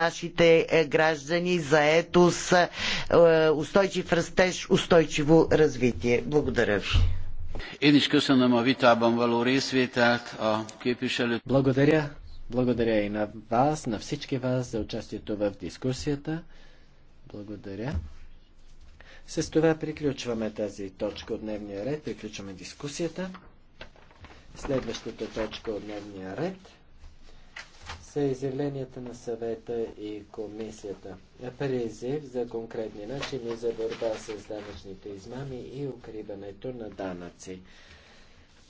нашите е, граждани за етос, е, устойчив растеж, устойчиво развитие. Благодаря ви. Благодаря. Благодаря и на вас, на всички вас за участието в дискусията. Благодаря. С това приключваме тази точка от дневния ред. Приключваме дискусията. Следващата точка от дневния ред – са изявленията на съвета и комисията. Призив за конкретни начини за борба с данъчните измами и укриването на данъци.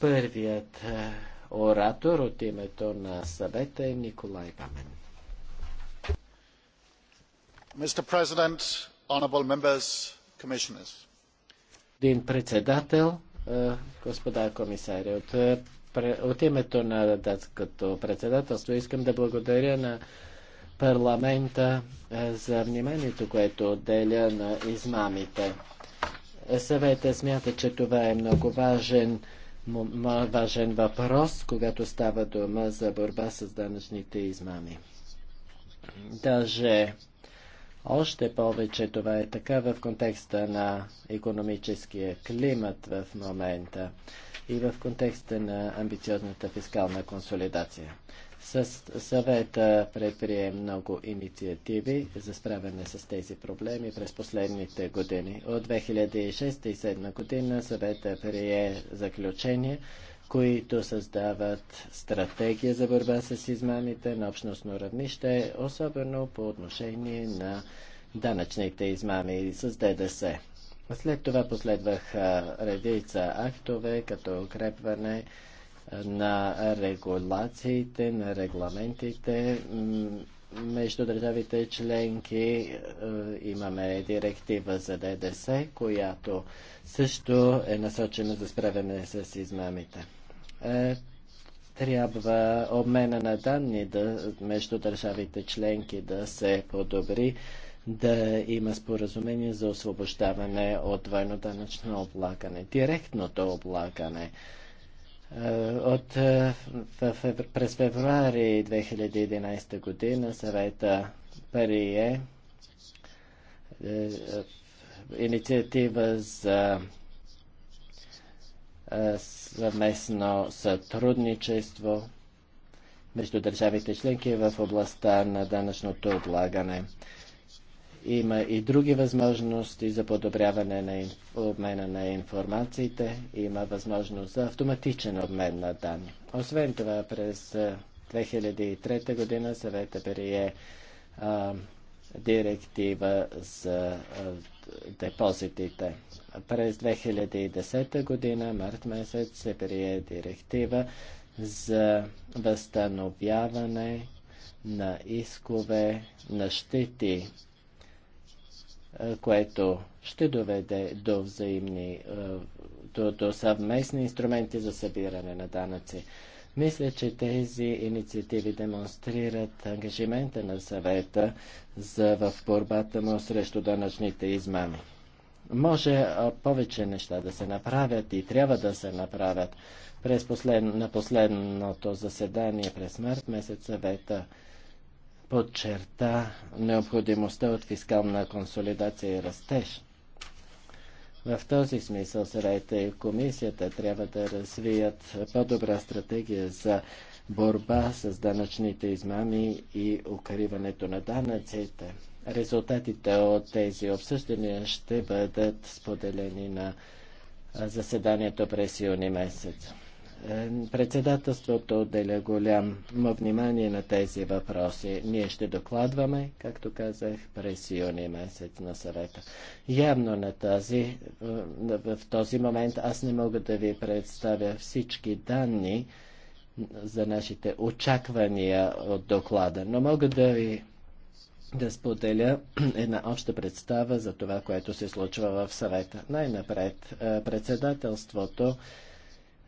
Първият е, оратор от името на съвета е Николай Памен. Mr. President, honorable members, commissioners. председател, е, господа комисари, от е, от името на датското председателство искам да благодаря на парламента е, за вниманието, което отделя на измамите. Съвета смята, че това е много важен, важен въпрос, когато става дума за борба с данъчните измами. Даже още повече това е така в контекста на економическия климат в момента и в контекста на амбициозната фискална консолидация. Със съвета предприе много инициативи за справяне с тези проблеми през последните години. От 2006 и 2007 година съвета прие заключение които създават стратегия за борба с измамите на общностно равнище, особено по отношение на данъчните измами с ДДС. След това последваха редица актове, като укрепване на регулациите, на регламентите между държавите членки. Имаме директива за ДДС, която също е насочена за справяне с измамите е, трябва обмена на данни да, между държавите членки да се подобри, да има споразумение за освобождаване от двойно-данъчно облагане, директното облагане. Е, от, е, в, в, през февруари 2011 година съвета прие е, е, инициатива за е, съвместно сътрудничество между държавите членки в областта на данъчното облагане. Има и други възможности за подобряване на обмена на информациите. Има възможност за автоматичен обмен на данни. Освен това, през 2003 е, година съвета прие директива за депозитите. През 2010 година, март месец, се прие директива за възстановяване на искове на щети, което ще доведе до взаимни, до, до съвместни инструменти за събиране на данъци. Мисля, че тези инициативи демонстрират ангажимента на съвета за в борбата му срещу данъчните измами. Може повече неща да се направят и трябва да се направят. През послед... На последното заседание през март месец съвета подчерта необходимостта от фискална консолидация и растеж. В този смисъл съвета и комисията трябва да развият по-добра стратегия за борба с данъчните измами и укриването на данъците. Резултатите от тези обсъждания ще бъдат споделени на заседанието през юни месец. Е, председателството отделя голямо внимание на тези въпроси. Ние ще докладваме, както казах, през юни месец на съвета. Явно на тази, е, в този момент аз не мога да ви представя всички данни за нашите очаквания от доклада, но мога да ви да споделя една обща представа за това, което се случва в съвета. Най-напред, е, председателството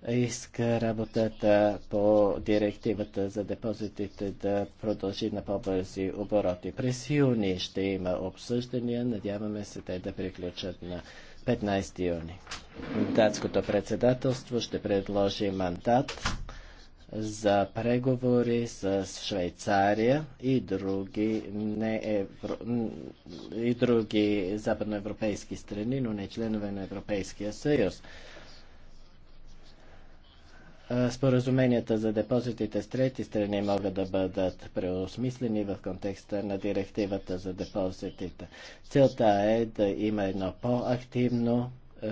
иска работата по директивата за депозитите да продължи на по-бързи обороти. През юни ще има обсъждания. Надяваме се те да приключат на 15 юни. Датското председателство ще предложи мандат за преговори с Швейцария и други, не евро... и други западноевропейски страни, но не членове на Европейския съюз. Споразуменията за депозитите с трети страни могат да бъдат преосмислени в контекста на директивата за депозитите. Целта е да има едно по-активно е,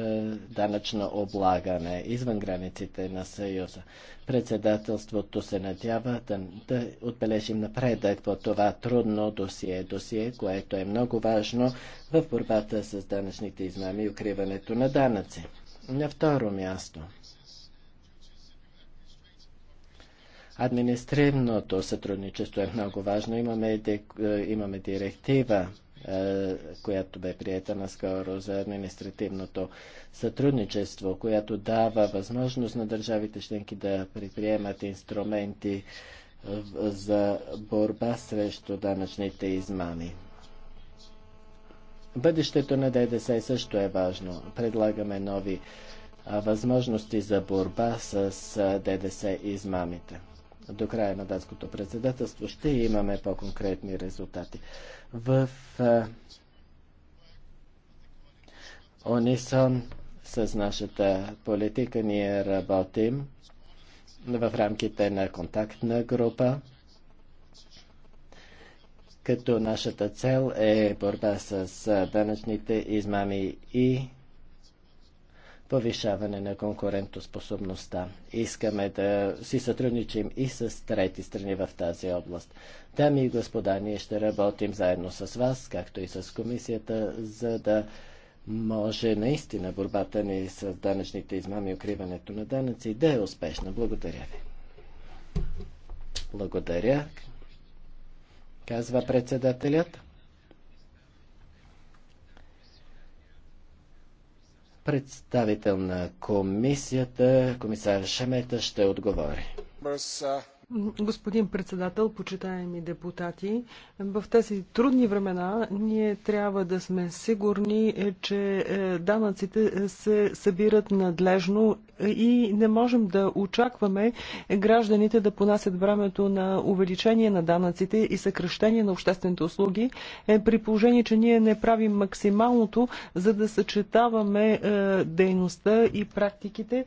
данъчно облагане извън границите на Съюза. Председателството се надява да, да отбележим напредък по това трудно досие, досие, което е много важно в борбата с данъчните измами и укриването на данъци. На второ място – Административното сътрудничество е много важно. Имаме, е, имаме директива, е, която бе приета наскоро за административното сътрудничество, която дава възможност на държавите членки да предприемат инструменти е, за борба срещу данъчните измами. Бъдещето на ДДС също е важно. Предлагаме нови възможности за борба с ДДС измамите до края на датското председателство ще имаме по-конкретни резултати. В а, унисон с нашата политика ние работим в рамките на контактна група, като нашата цел е борба с данъчните измами и повишаване на конкурентоспособността. Искаме да си сътрудничим и с трети страни в тази област. Дами и господа, ние ще работим заедно с вас, както и с комисията, за да може наистина борбата ни с данъчните измами и укриването на данъци да е успешна. Благодаря ви. Благодаря, казва председателят. Представител на комисията, комисар Шамета ще отговори. Господин председател, почитаеми депутати, в тези трудни времена ние трябва да сме сигурни, е, че е, данъците се събират надлежно и не можем да очакваме гражданите да понасят времето на увеличение на данъците и съкръщение на обществените услуги, е, при положение, че ние не правим максималното, за да съчетаваме дейността и практиките,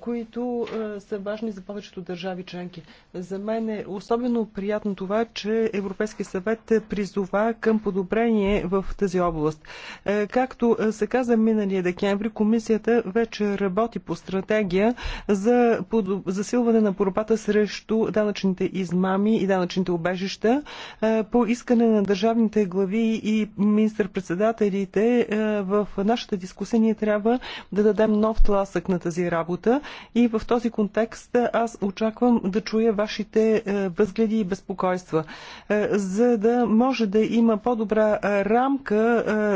които са важни за повечето държави членки. За мен е особено приятно това, че Европейски съвет призова към подобрение в тази област. Е, както се каза миналия декември, комисията вече работи по стратегия за засилване на борбата срещу данъчните измами и данъчните обежища е, по искане на държавните глави и министър-председателите е, в нашата дискусия ние трябва да дадем нов тласък на тази работа и в този контекст аз очаквам да чуя чуя вашите е, възгледи и безпокойства, е, за да може да има по-добра е, рамка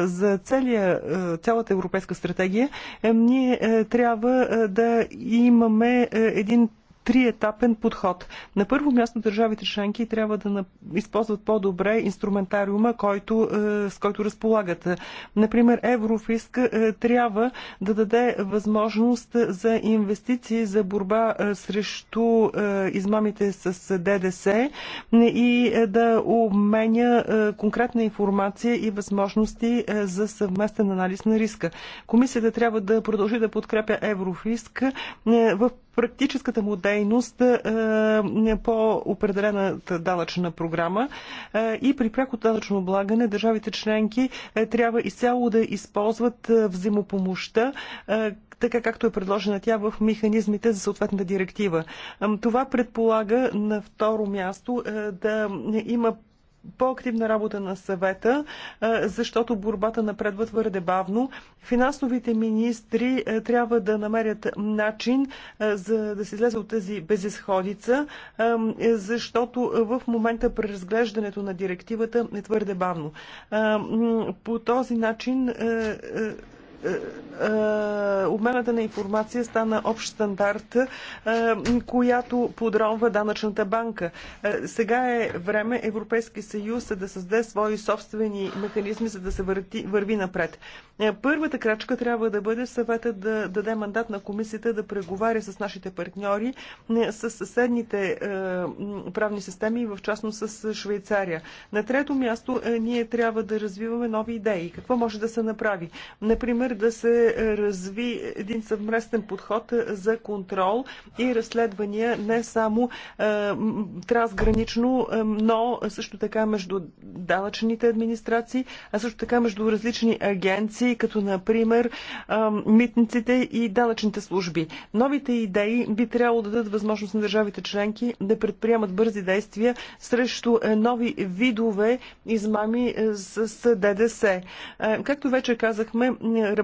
за целия, цялата европейска стратегия. Ние трябва да имаме един триетапен подход. На първо място държавите членки трябва да използват по-добре инструментариума, който, е, с който разполагат. Например, Еврофиск е, трябва да даде възможност за инвестиции за борба е, срещу измамите с ДДС и да обменя конкретна информация и възможности за съвместен анализ на риска. Комисията трябва да продължи да подкрепя Еврофиск в практическата му дейност е, е, по определената данъчна програма е, и при пряко данъчно облагане държавите членки е, трябва изцяло да използват е, взаимопомощта е, така както е предложена тя в механизмите за съответната директива. Това предполага на второ място да има по-активна работа на съвета, защото борбата напредва твърде бавно. Финансовите министри трябва да намерят начин за да се излезе от тази безисходица, защото в момента преразглеждането на директивата е твърде бавно. По този начин е, е, обмената на информация стана общ стандарт, е, която подронва данъчната банка. Сега е време Европейски съюз да създаде свои собствени механизми, за да се върти, върви напред. Първата крачка трябва да бъде съвета да даде мандат на комисията да преговаря с нашите партньори, с съседните правни системи и в частност с Швейцария. На трето място ние трябва да развиваме нови идеи. Какво може да се направи? Например, да се разви един съвместен подход за контрол и разследвания не само е, трансгранично, е, но също така между далъчните администрации, а също така между различни агенции, като например е, митниците и далъчните служби. Новите идеи би трябвало да дадат възможност на държавите членки да предприемат бързи действия срещу нови видове измами с ДДС. Както вече казахме,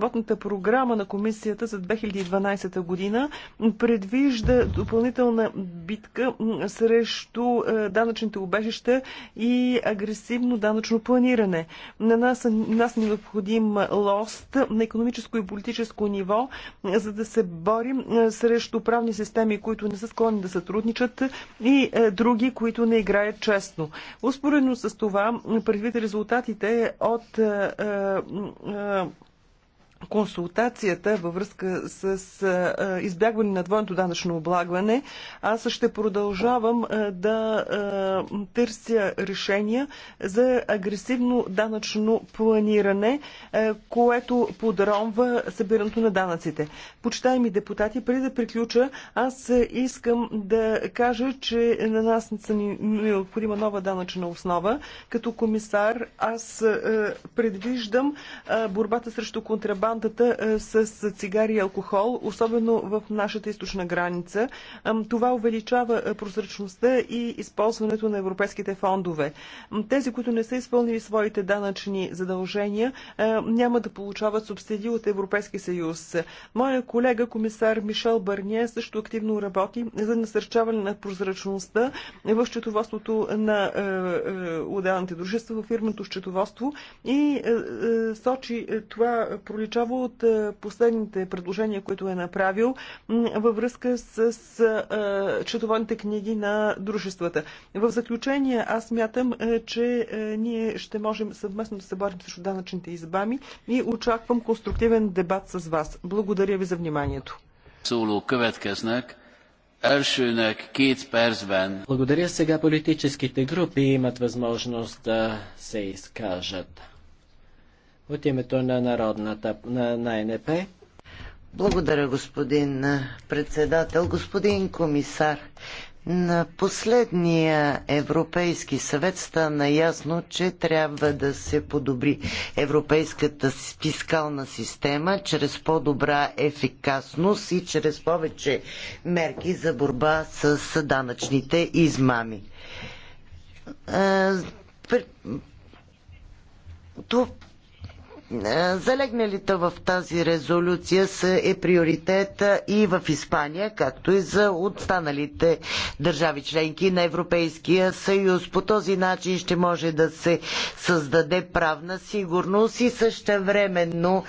работната програма на комисията за 2012 година предвижда допълнителна битка срещу е, данъчните убежища и агресивно данъчно планиране. На нас, нас ни е необходим лост на економическо и политическо ниво, за да се борим е, срещу правни системи, които не са склонни да сътрудничат и други, които не играят честно. Успоредно с това, предвид резултатите от консултацията във връзка с избягване на двойното данъчно облагване, аз ще продължавам да търся решения за агресивно данъчно планиране, което подронва събирането на данъците. Почитаеми депутати, преди да приключа, аз искам да кажа, че на нас не са ни необходима нова данъчна основа. Като комисар аз предвиждам борбата срещу контрабанда контрабандата е, с цигари и алкохол, особено в нашата източна граница. Това увеличава е, прозрачността и използването на европейските фондове. Тези, които не са изпълнили своите данъчни задължения, е, няма да получават субсидии от Европейския съюз. Моя колега, комисар Мишел Барние, също активно работи за насърчаване на прозрачността в счетоводството на отделните дружества, в фирмното счетоводство и сочи това проличава означава от е, последните предложения, които е направил във връзка с, с е, четоводните книги на дружествата. В заключение аз мятам, е, че ние ще можем съвместно да се борим срещу данъчните избами и очаквам конструктивен дебат с вас. Благодаря ви за вниманието. Благодаря сега политическите групи имат възможност да се изкажат от името на Народната на, на НП. Благодаря, господин председател. Господин комисар, на последния Европейски съвет стана ясно, че трябва да се подобри европейската фискална система чрез по-добра ефикасност и чрез повече мерки за борба с данъчните измами. Е, залегналите в тази резолюция са е приоритета и в Испания, както и за останалите държави членки на Европейския съюз. По този начин ще може да се създаде правна сигурност и същевременно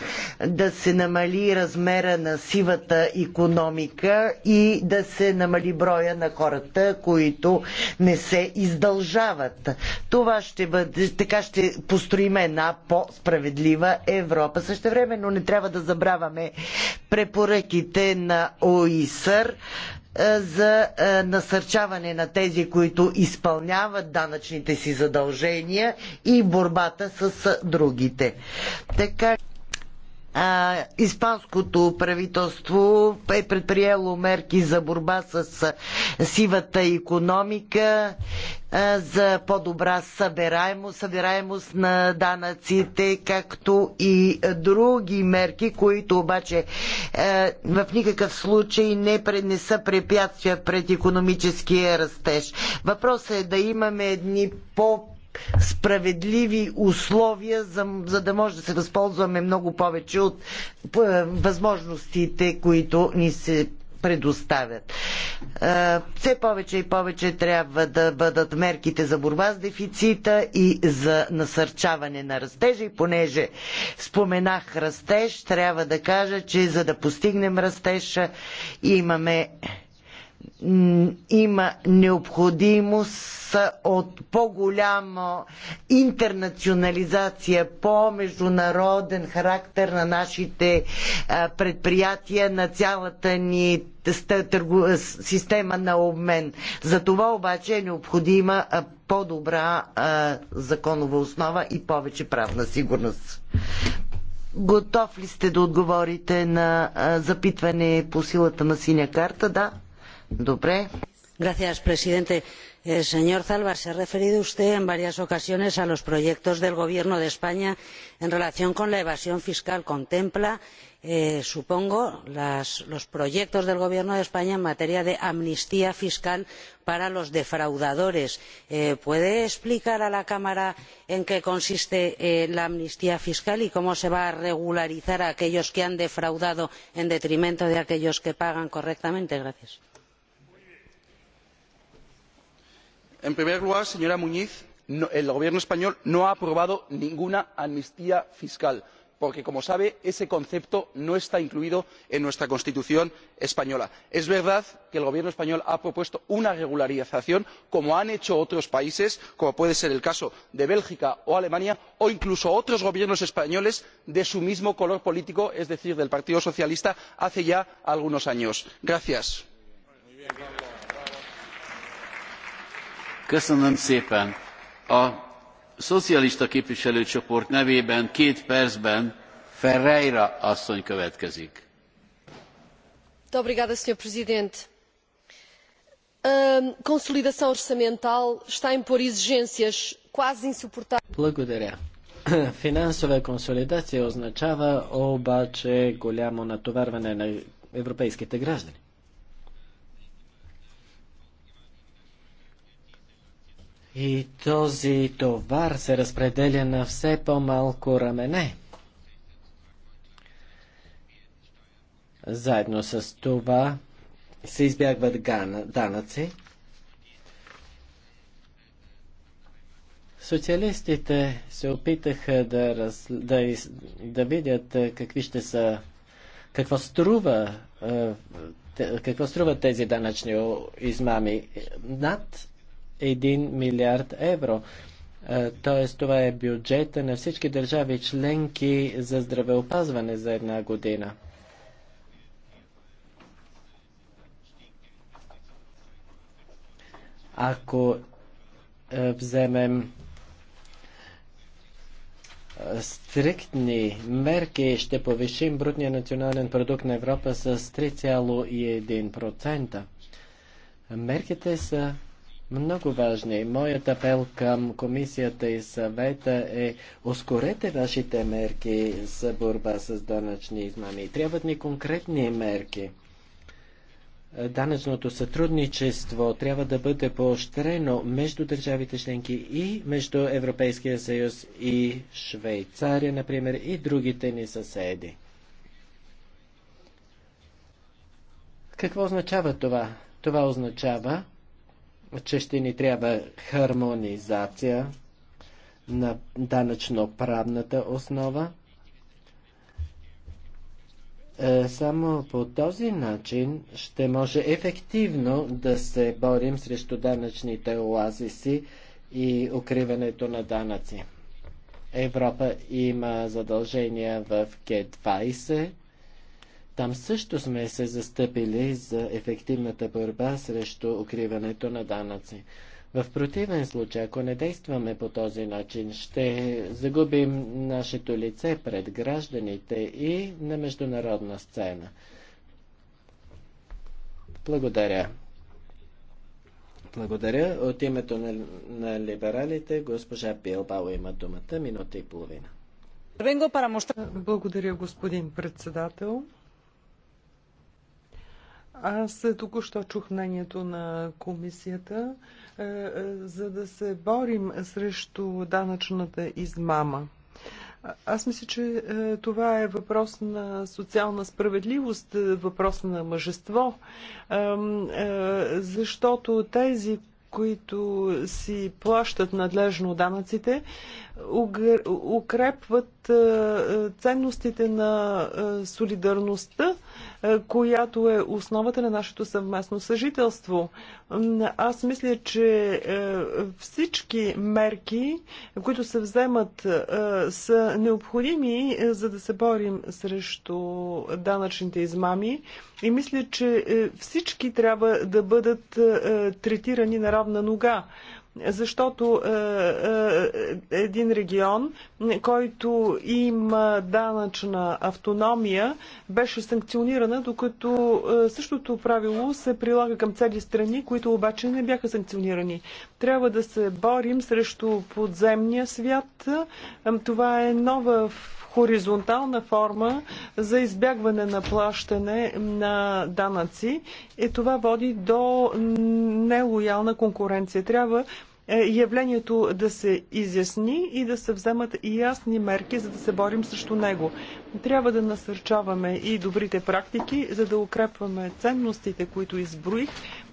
да се намали размера на сивата економика и да се намали броя на хората, които не се издължават. Това ще бъде, така ще построим една по-справедлива Европа. Също време, но не трябва да забравяме препоръките на ОИСР е, за е, насърчаване на тези, които изпълняват данъчните си задължения и борбата с другите. Така а, испанското правителство е предприело мерки за борба с сивата економика, а, за по-добра събираемост, събираемост на данъците, както и други мерки, които обаче а, е, в никакъв случай не, не са препятствия пред економическия растеж. Въпросът е да имаме едни по- справедливи условия, за, за да може да се възползваме много повече от е, възможностите, които ни се предоставят. Е, все повече и повече трябва да бъдат мерките за борба с дефицита и за насърчаване на растежа. И понеже споменах растеж, трябва да кажа, че за да постигнем растежа имаме има необходимост от по-голяма интернационализация, по-международен характер на нашите предприятия, на цялата ни система на обмен. За това обаче е необходима по-добра законова основа и повече правна сигурност. Готов ли сте да отговорите на запитване по силата на синя карта? Да. Señor presidente. señor zalba se ha referido usted en varias ocasiones a los proyectos del gobierno de españa en relación con la evasión fiscal. contempla supongo los proyectos del gobierno de españa en materia de amnistía fiscal para los defraudadores. puede explicar a la cámara en qué consiste la amnistía fiscal y cómo se va a regularizar a aquellos que han defraudado en detrimento de aquellos que pagan correctamente? gracias. en primer lugar señora muñiz el gobierno español no ha aprobado ninguna amnistía fiscal porque como sabe ese concepto no está incluido en nuestra constitución española. es verdad que el gobierno español ha propuesto una regularización como han hecho otros países como puede ser el caso de bélgica o alemania o incluso otros gobiernos españoles de su mismo color político es decir del partido socialista hace ya algunos años. gracias. Köszönöm szépen. A szocialista képviselőcsoport nevében két percben Ferreira asszony következik. Obrigada, Sr. Presidente. A consolidação orçamental está a impor exigências quase insuportáveis. Благодаря. Финансова консолидация означава обаче голямо натоварване на европейските граждани. И този товар се разпределя на все по-малко рамене. Заедно с това се избягват гана, данъци. Социалистите се опитаха да, раз, да, из, да видят е, какви ще са, какво струва, е, какво струват тези данъчни измами. Над 1 милиард евро. Т.е. това е бюджета на всички държави членки за здравеопазване за една година. Ако е, вземем е, стриктни мерки, ще повишим брутния национален продукт на Европа с 3,1%. Мерките са много важни. Моят апел към комисията и съвета е ускорете вашите мерки за борба с данъчни измами. Трябват ни конкретни мерки. Данъчното сътрудничество трябва да бъде поощрено между държавите членки и между Европейския съюз и Швейцария, например, и другите ни съседи. Какво означава това? Това означава, че ще ни трябва хармонизация на данъчно-правната основа. Е, само по този начин ще може ефективно да се борим срещу данъчните оазиси и укриването на данъци. Европа има задължения в Г20 там също сме се застъпили за ефективната борба срещу укриването на данъци. В противен случай, ако не действаме по този начин, ще загубим нашето лице пред гражданите и на международна сцена. Благодаря. Благодаря. От името на, на либералите госпожа Пилбао има думата. Минута и половина. Благодаря, господин председател. Аз току-що чух мнението на комисията, е, е, за да се борим срещу данъчната измама. Аз мисля, че е, това е въпрос на социална справедливост, въпрос на мъжество, защото тези, които си плащат надлежно данъците, укрепват ценностите на солидарността е, която е основата на нашето съвместно съжителство. Аз мисля, че е, всички мерки, които се вземат, е, са необходими, за да се борим срещу данъчните измами. И мисля, че всички трябва да бъдат третирани на равна нога защото е, е, един регион, който има данъчна автономия, беше санкционирана, докато е, същото правило се прилага към цели страни, които обаче не бяха санкционирани. Трябва да се борим срещу подземния свят. Това е нова хоризонтална форма за избягване на плащане на данъци. И това води до нелоялна конкуренция. Трябва е, явлението да се изясни и да се вземат и ясни мерки, за да се борим срещу него. Трябва да насърчаваме и добрите практики, за да укрепваме ценностите, които изброих.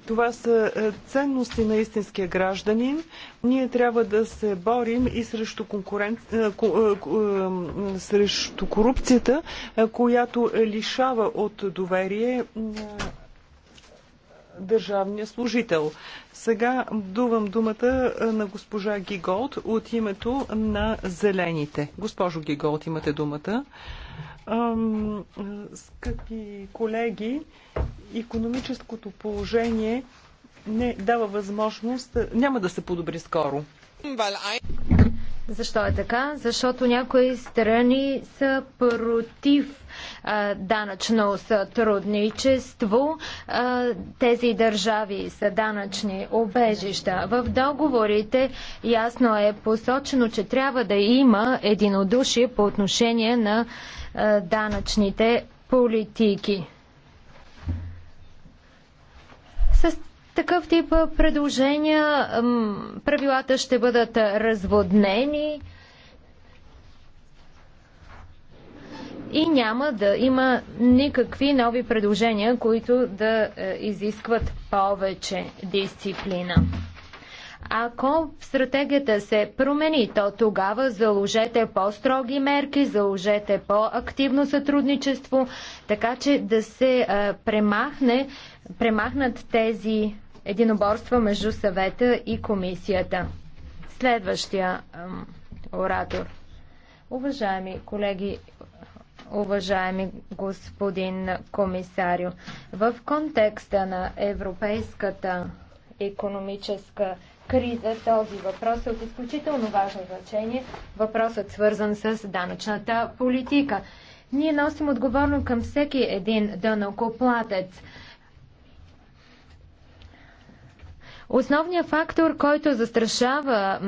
Това са е, ценности на истинския гражданин. Ние трябва да се борим и срещу, конкурен... Е, срещу корупцията, която лишава от доверие държавния служител. Сега дувам думата на госпожа Гиголд от името на Зелените. Госпожо Гиголд, имате думата. Скъпи колеги, економическото положение не дава възможност, няма да се подобри скоро. Защо е така? Защото някои страни са против данъчно сътрудничество. Тези държави са данъчни обежища. В договорите ясно е посочено, че трябва да има единодушие по отношение на данъчните политики. С такъв тип предложения правилата ще бъдат разводнени. и няма да има никакви нови предложения, които да е, изискват повече дисциплина. Ако стратегията се промени, то тогава заложете по-строги мерки, заложете по-активно сътрудничество, така че да се а, е, премахне, премахнат тези единоборства между съвета и комисията. Следващия а, оратор. Уважаеми колеги, уважаеми господин комисарю. В контекста на европейската економическа криза този въпрос е от изключително важно значение. Въпросът свързан с данъчната политика. Ние носим отговорно към всеки един дънокоплатец. Основният фактор, който застрашава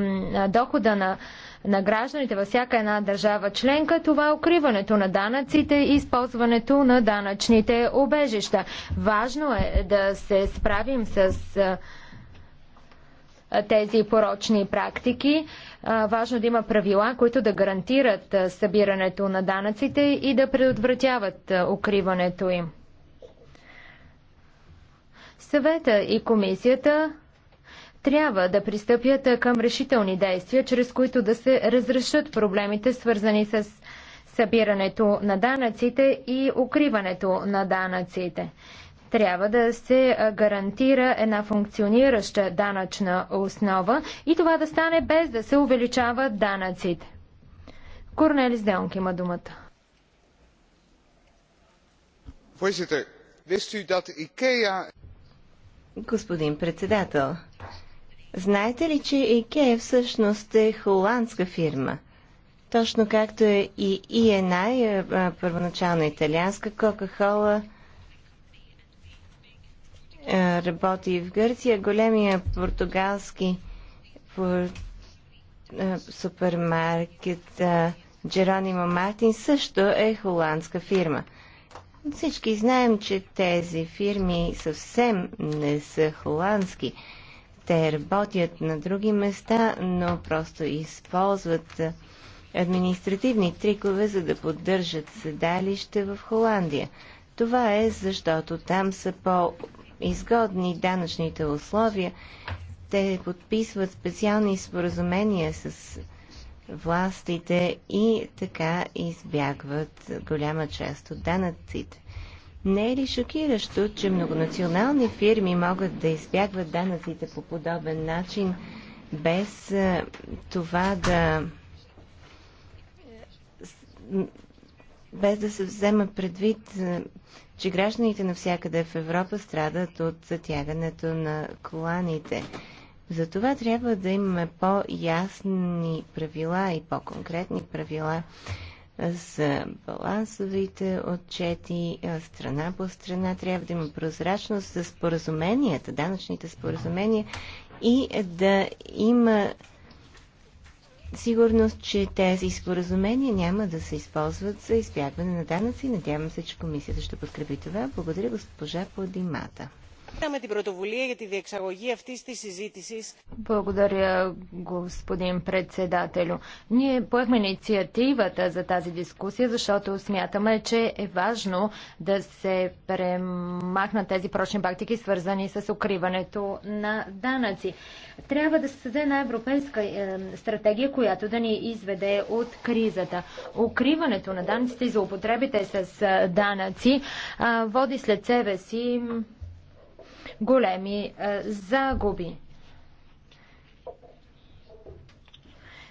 дохода на на гражданите във всяка една държава членка, това е укриването на данъците и използването на данъчните обежища. Важно е да се справим с тези порочни практики. Важно да има правила, които да гарантират събирането на данъците и да предотвратяват укриването им. Съвета и комисията трябва да пристъпят към решителни действия, чрез които да се разрешат проблемите, свързани с събирането на данъците и укриването на данъците. Трябва да се гарантира една функционираща данъчна основа и това да стане без да се увеличават данъците. Корнелис Делнк има думата. Господин председател, Знаете ли, че IKEA всъщност е холандска фирма? Точно както е и е първоначално италианска, кока хола е, работи в Гърция, големия португалски е, супермаркет е, Джеронимо Мартин също е холандска фирма. Всички знаем, че тези фирми съвсем не са холандски. Те работят на други места, но просто използват административни трикове, за да поддържат седалище в Холандия. Това е защото там са по-изгодни данъчните условия. Те подписват специални споразумения с властите и така избягват голяма част от данъците. Не е ли шокиращо, че многонационални фирми могат да избягват данъците по подобен начин, без е, това да без да се взема предвид, е, че гражданите навсякъде в Европа страдат от затягането на коланите. това трябва да имаме по-ясни правила и по-конкретни правила за балансовите отчети страна по страна. Трябва да има прозрачност за споразуменията, данъчните споразумения и да има сигурност, че тези споразумения няма да се използват за избягване на данъци. Надявам се, че комисията ще подкрепи това. Благодаря госпожа Подимата. Благодаря, господин председателю. Ние поехме инициативата за тази дискусия, защото смятаме, че е важно да се премахнат тези прочни практики, свързани с укриването на данъци. Трябва да се създаде една европейска е, стратегия, която да ни изведе от кризата. Укриването на данъците и злоупотребите с е, данъци води след себе си големи е, загуби.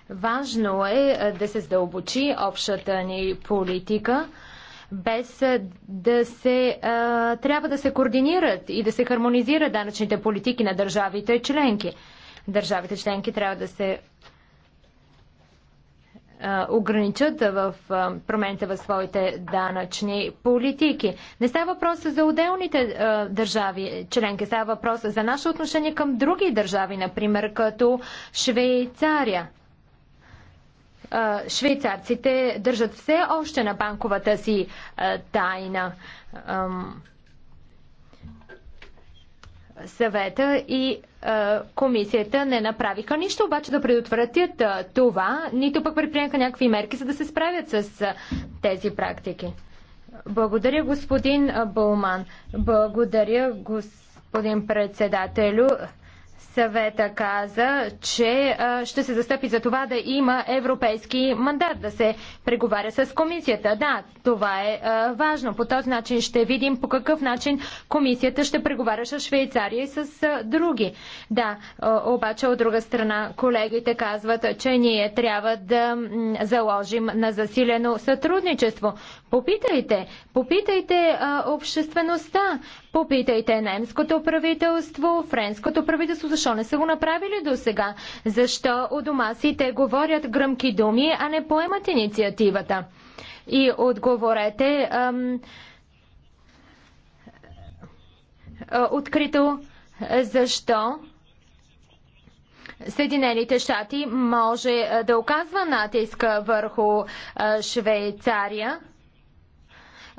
Важно е, е да се задълбочи общата ни политика, без е, да се а, трябва да се координират и да се хармонизират данъчните политики на държавите членки. Държавите членки трябва да се ограничат в промените в своите данъчни политики. Не става въпрос за отделните държави членки, става въпрос за наше отношение към други държави, например като Швейцария. Швейцарците държат все още на банковата си тайна съвета и а, комисията не направиха нищо, обаче да предотвратят а, това, нито пък предприемаха някакви мерки, за да се справят с а, тези практики. Благодаря, господин Болман. Благодаря, господин председателю. Съвета каза, че ще се застъпи за това да има европейски мандат, да се преговаря с комисията. Да, това е важно. По този начин ще видим по какъв начин комисията ще преговаря с Швейцария и с други. Да, обаче от друга страна колегите казват, че ние трябва да заложим на засилено сътрудничество. Попитайте, попитайте обществеността, Попитайте немското правителство, френското правителство, защо не са го направили до сега? Защо у дома си те говорят гръмки думи, а не поемат инициативата? И отговорете ам, а, открито защо Съединените щати може да оказва натиск върху Швейцария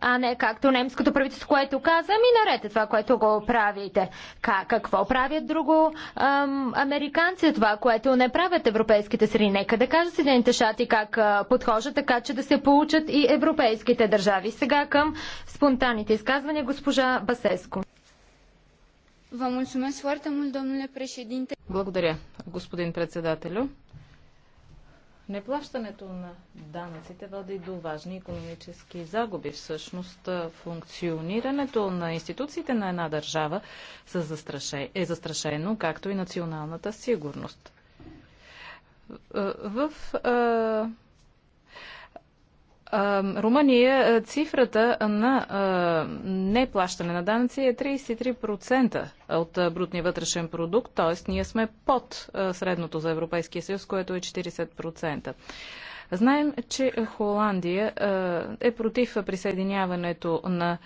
а не както немското правителство, което каза, ми нарете това, което го правите. Как, какво правят друго ам, американци, това, което не правят европейските страни? Нека да кажат Съединените щати как подхожат, така че да се получат и европейските държави. Сега към спонтанните изказвания госпожа Басеско. Благодаря, господин председателю. Неплащането на данъците води до важни економически загуби. Всъщност, функционирането на институциите на една държава е застрашено, както и националната сигурност. В Румъния цифрата на неплащане на данъци е 33% от брутния вътрешен продукт, т.е. ние сме под средното за Европейския съюз, което е 40%. Знаем, че Холандия е против присъединяването на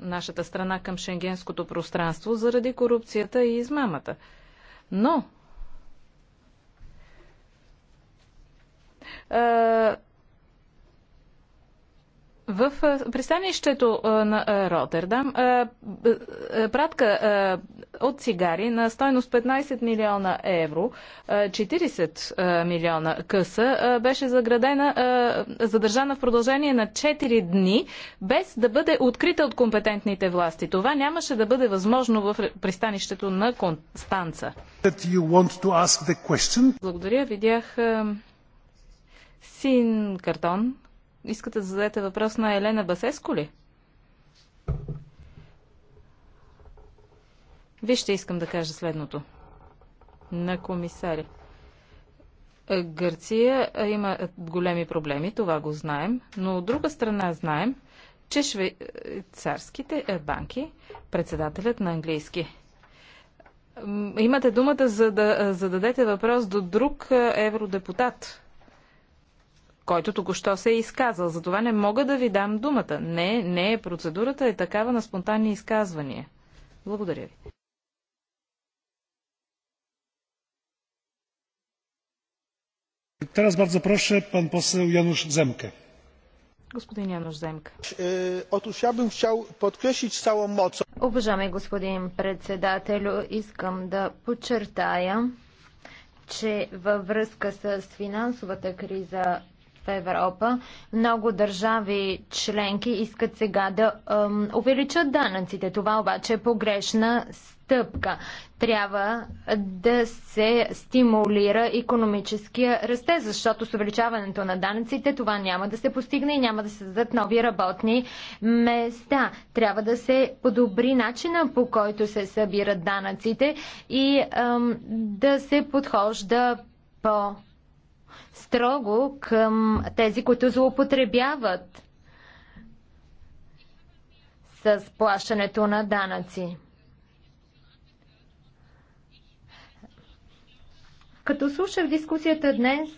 нашата страна към шенгенското пространство заради корупцията и измамата. Но в пристанището на Роттердам пратка от цигари на стойност 15 милиона евро, 40 милиона къса, беше заградена, задържана в продължение на 4 дни, без да бъде открита от компетентните власти. Това нямаше да бъде възможно в пристанището на Констанца. Благодаря, видях син картон Искате да зададете въпрос на Елена Басеско ли? Вижте, искам да кажа следното. На комисаря. Гърция има големи проблеми, това го знаем, но от друга страна знаем, че швейцарските е, банки, председателят на английски. Имате думата за да зададете въпрос до друг евродепутат който току-що се е изказал. Затова не мога да ви дам думата. Не, не, е. процедурата е такава на спонтанни изказвания. Благодаря ви. Teraz bardzo proszę pan poseł Janusz Zemke. Господин Януш Земка. Отож я бим хотел подкресить с цяло моцо. Уважаеми господин председателю, искам да подчертая, че във връзка с финансовата криза в Европа. Много държави членки искат сега да ем, увеличат данъците. Това обаче е погрешна стъпка. Трябва да се стимулира економическия расте, защото с увеличаването на данъците това няма да се постигне и няма да се създадат нови работни места. Трябва да се подобри начина по който се събират данъците и ем, да се подхожда по строго към тези, които злоупотребяват с плащането на данъци. Като слушах дискусията днес,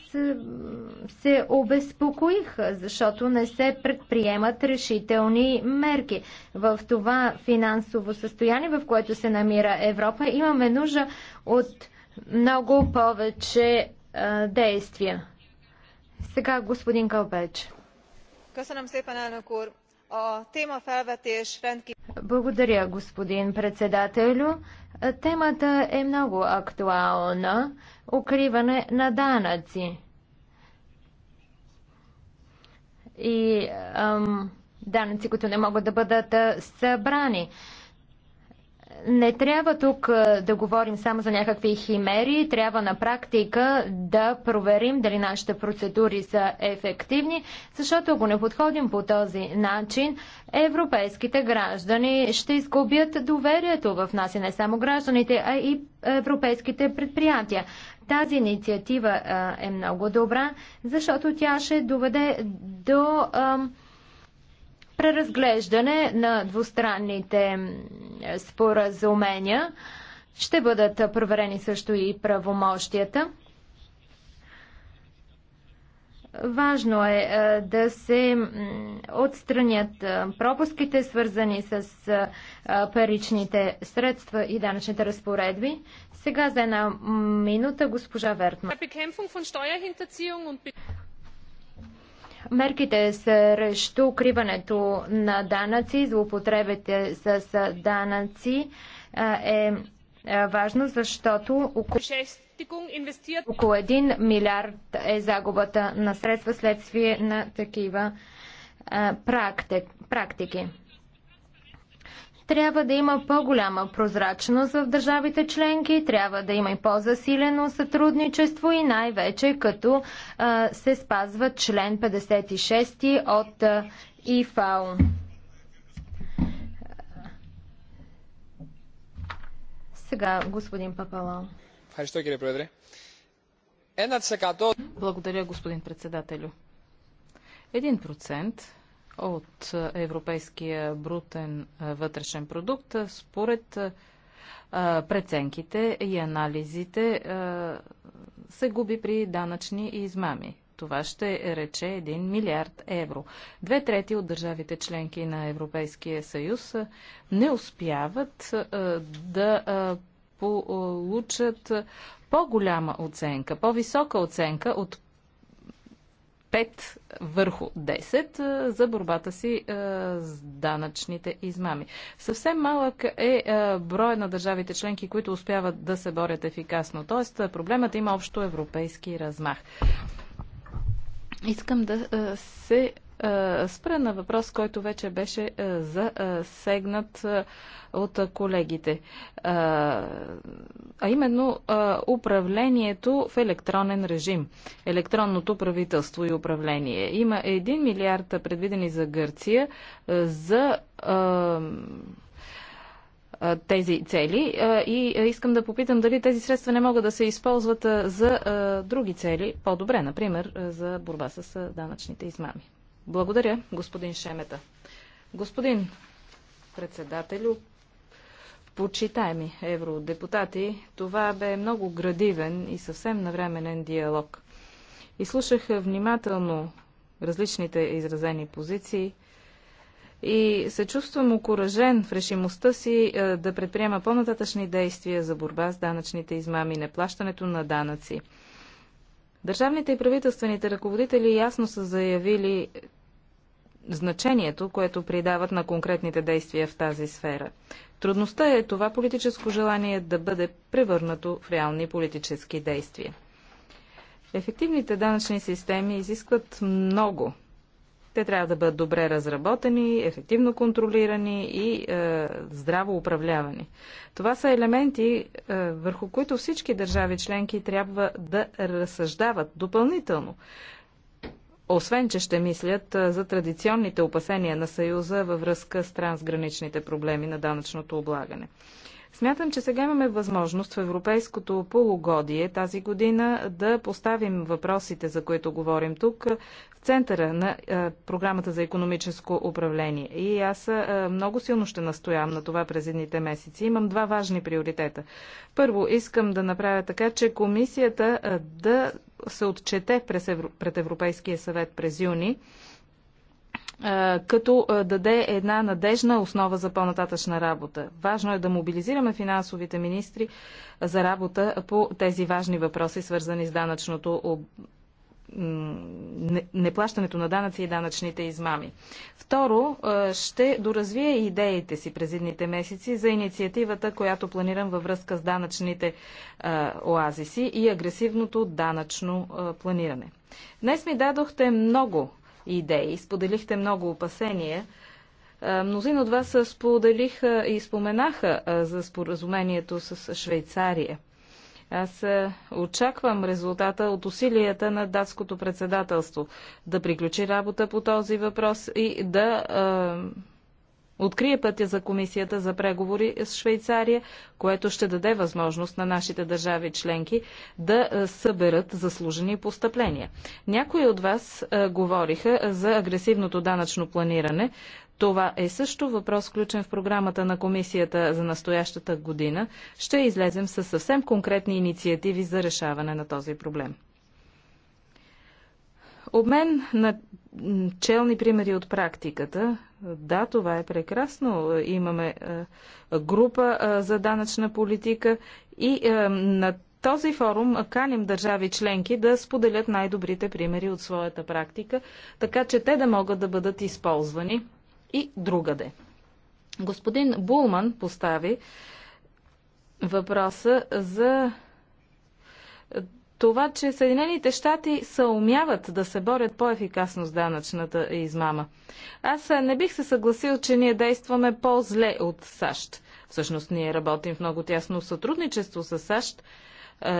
се обезпокоих, защото не се предприемат решителни мерки. В това финансово състояние, в което се намира Европа, имаме нужда от много повече а, действия. Сега господин Кълбеч. Благодаря, господин председателю. Темата е много актуална. Укриване на данъци. И ам, данъци, които не могат да бъдат събрани. Не трябва тук да говорим само за някакви химери, трябва на практика да проверим дали нашите процедури са ефективни, защото ако не подходим по този начин, европейските граждани ще изгубят доверието в нас и не само гражданите, а и европейските предприятия. Тази инициатива е много добра, защото тя ще доведе до. Ам, преразглеждане на двустранните споразумения. Ще бъдат проверени също и правомощията. Важно е, е да се отстранят е, пропуските, свързани с е, паричните средства и данъчните разпоредби. Сега за една минута госпожа Вертман. Мерките срещу укриването на данъци, злоупотребите с данъци е важно, защото около, около 1 милиард е загубата на средства следствие на такива практики. Трябва да има по-голяма прозрачност в държавите членки, трябва да има и по-засилено сътрудничество и най-вече като а, се спазва член 56 от а, ИФАО. Сега господин Папало. Благодаря, господин председателю. Един процент от европейския брутен вътрешен продукт според преценките и анализите се губи при данъчни измами. Това ще рече 1 милиард евро. Две трети от държавите членки на Европейския съюз не успяват да получат по-голяма оценка, по-висока оценка от 5 върху 10 за борбата си с данъчните измами. Съвсем малък е броя на държавите членки, които успяват да се борят ефикасно. Тоест, проблемът има общо европейски размах. Искам да се е, спра на въпрос, който вече беше е, засегнат е, от колегите. А именно управлението в електронен режим. Електронното правителство и управление. Има 1 милиард предвидени за Гърция за тези цели и искам да попитам дали тези средства не могат да се използват за други цели по-добре, например за борба с данъчните измами. Благодаря, господин Шемета. Господин председателю, почитаеми евродепутати, това бе много градивен и съвсем навременен диалог. Изслушах внимателно различните изразени позиции и се чувствам окоръжен в решимостта си е, да предприема по-нататъчни действия за борба с данъчните измами, неплащането на данъци – Държавните и правителствените ръководители ясно са заявили значението, което придават на конкретните действия в тази сфера. Трудността е това политическо желание да бъде превърнато в реални политически действия. Ефективните данъчни системи изискват много те трябва да бъдат добре разработени, ефективно контролирани и е, здраво управлявани. Това са елементи, е, върху които всички държави членки трябва да разсъждават допълнително. Освен, че ще мислят е, за традиционните опасения на Съюза във връзка с трансграничните проблеми на данъчното облагане. Смятам, че сега имаме възможност в европейското полугодие тази година да поставим въпросите, за които говорим тук, в центъра на е, програмата за економическо управление. И аз е, много силно ще настоявам на това през едните месеци. Имам два важни приоритета. Първо, искам да направя така, че комисията е, да се отчете пред Европейския съвет през юни като даде една надежна основа за по-нататъчна работа. Важно е да мобилизираме финансовите министри за работа по тези важни въпроси, свързани с данъчното об... неплащането на данъци и данъчните измами. Второ, ще доразвие идеите си през едните месеци за инициативата, която планирам във връзка с данъчните оазиси и агресивното данъчно планиране. Днес ми дадохте много идеи. Споделихте много опасения. Мнозин от вас споделиха и споменаха за споразумението с Швейцария. Аз очаквам резултата от усилията на датското председателство да приключи работа по този въпрос и да открие пътя за комисията за преговори с Швейцария, което ще даде възможност на нашите държави членки да е, съберат заслужени постъпления. Някои от вас е, говориха за агресивното данъчно планиране. Това е също въпрос, включен в програмата на комисията за настоящата година. Ще излезем с съвсем конкретни инициативи за решаване на този проблем. Обмен на челни примери от практиката. Да, това е прекрасно. Имаме е, група е, за данъчна политика и е, на този форум каним държави членки да споделят най-добрите примери от своята практика, така че те да могат да бъдат използвани и другаде. Господин Булман постави въпроса за това, че Съединените щати са умяват да се борят по-ефикасно с данъчната измама. Аз не бих се съгласил, че ние действаме по-зле от САЩ. Всъщност ние работим в много тясно сътрудничество с САЩ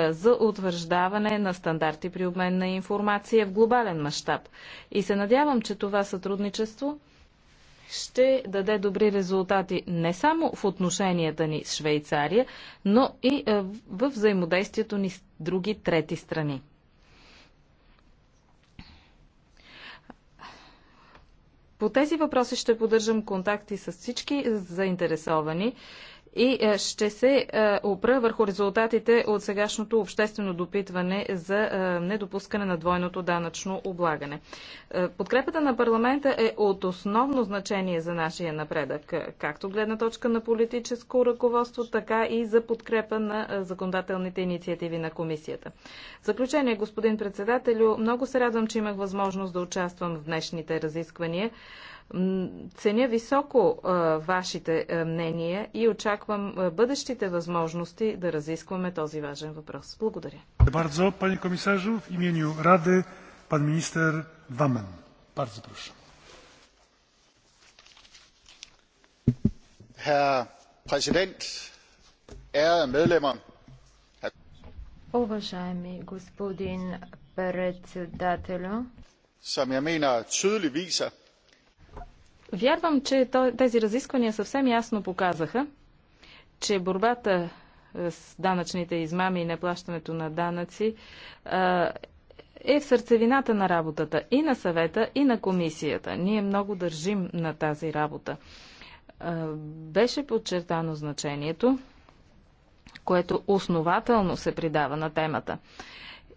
за утвърждаване на стандарти при обмен на информация в глобален мащаб. И се надявам, че това сътрудничество ще даде добри резултати не само в отношенията ни с Швейцария, но и е, в взаимодействието ни с други трети страни. По тези въпроси ще поддържам контакти с всички заинтересовани и е, ще се е, опра върху резултатите от сегашното обществено допитване за е, недопускане на двойното данъчно облагане. Подкрепата на парламента е от основно значение за нашия напредък, както гледна точка на политическо ръководство, така и за подкрепа на законодателните инициативи на комисията. В заключение, господин председателю, много се радвам, че имах възможност да участвам в днешните разисквания. Ценя високо а, вашите а, мнения и очаквам а, бъдещите възможности да разискваме този важен въпрос. Благодаря. Бързо, пани komisarzu, в имени Раде, пан министър Вамен. Бързо, прошу. президент, Уважаеми господин председателю, som jeg mener tydeligt viser, Вярвам, че тези разисквания съвсем ясно показаха, че борбата с данъчните измами и неплащането на данъци е в сърцевината на работата и на съвета, и на комисията. Ние много държим на тази работа. Беше подчертано значението, което основателно се придава на темата.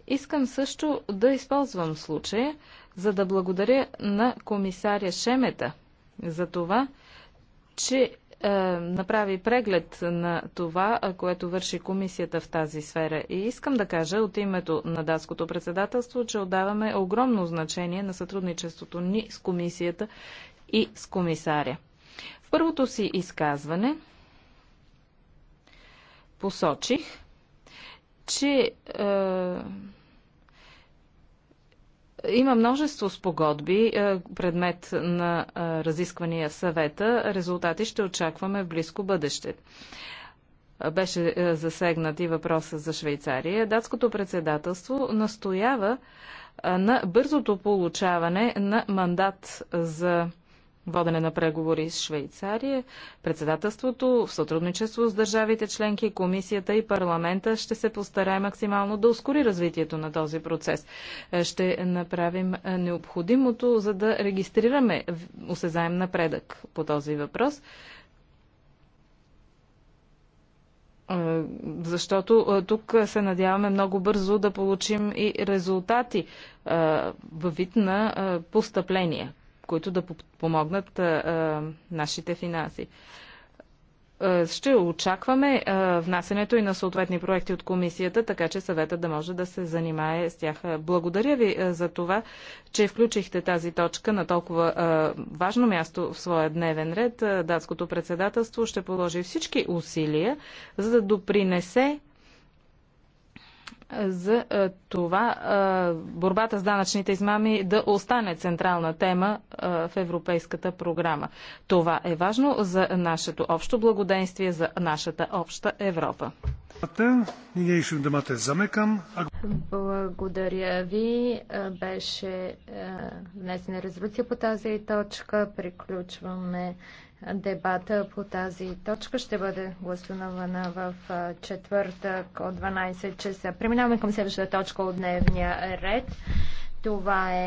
Искам също да използвам случая, за да благодаря на комисаря Шемета – за това, че е, направи преглед на това, е, което върши комисията в тази сфера. И искам да кажа от името на датското председателство, че отдаваме огромно значение на сътрудничеството ни с комисията и с комисаря. В първото си изказване посочих, че е, има множество спогодби, е, предмет на е, разисквания съвета. Резултати ще очакваме в близко бъдеще. Беше е, засегнат и въпроса за Швейцария. Датското председателство настоява на бързото получаване на мандат за водене на преговори с Швейцария, председателството в сътрудничество с държавите членки, комисията и парламента ще се постарае максимално да ускори развитието на този процес. Е, ще направим е, необходимото, за да регистрираме осезаем напредък по този въпрос е, защото тук се надяваме много бързо да получим и резултати във вид на постъпления които да помогнат нашите финанси. Ще очакваме внасенето и на съответни проекти от комисията, така че съветът да може да се занимае с тях. Благодаря ви за това, че включихте тази точка на толкова важно място в своя дневен ред. Датското председателство ще положи всички усилия, за да допринесе за това борбата с данъчните измами да остане централна тема в Европейската програма. Това е важно за нашето общо благоденствие, за нашата обща Европа. Благодаря ви. Беше внесена резолюция по тази точка. Приключваме Дебата по тази точка ще бъде гласувана в четвъртък от 12 часа. Преминаваме към следващата точка от дневния ред. Това е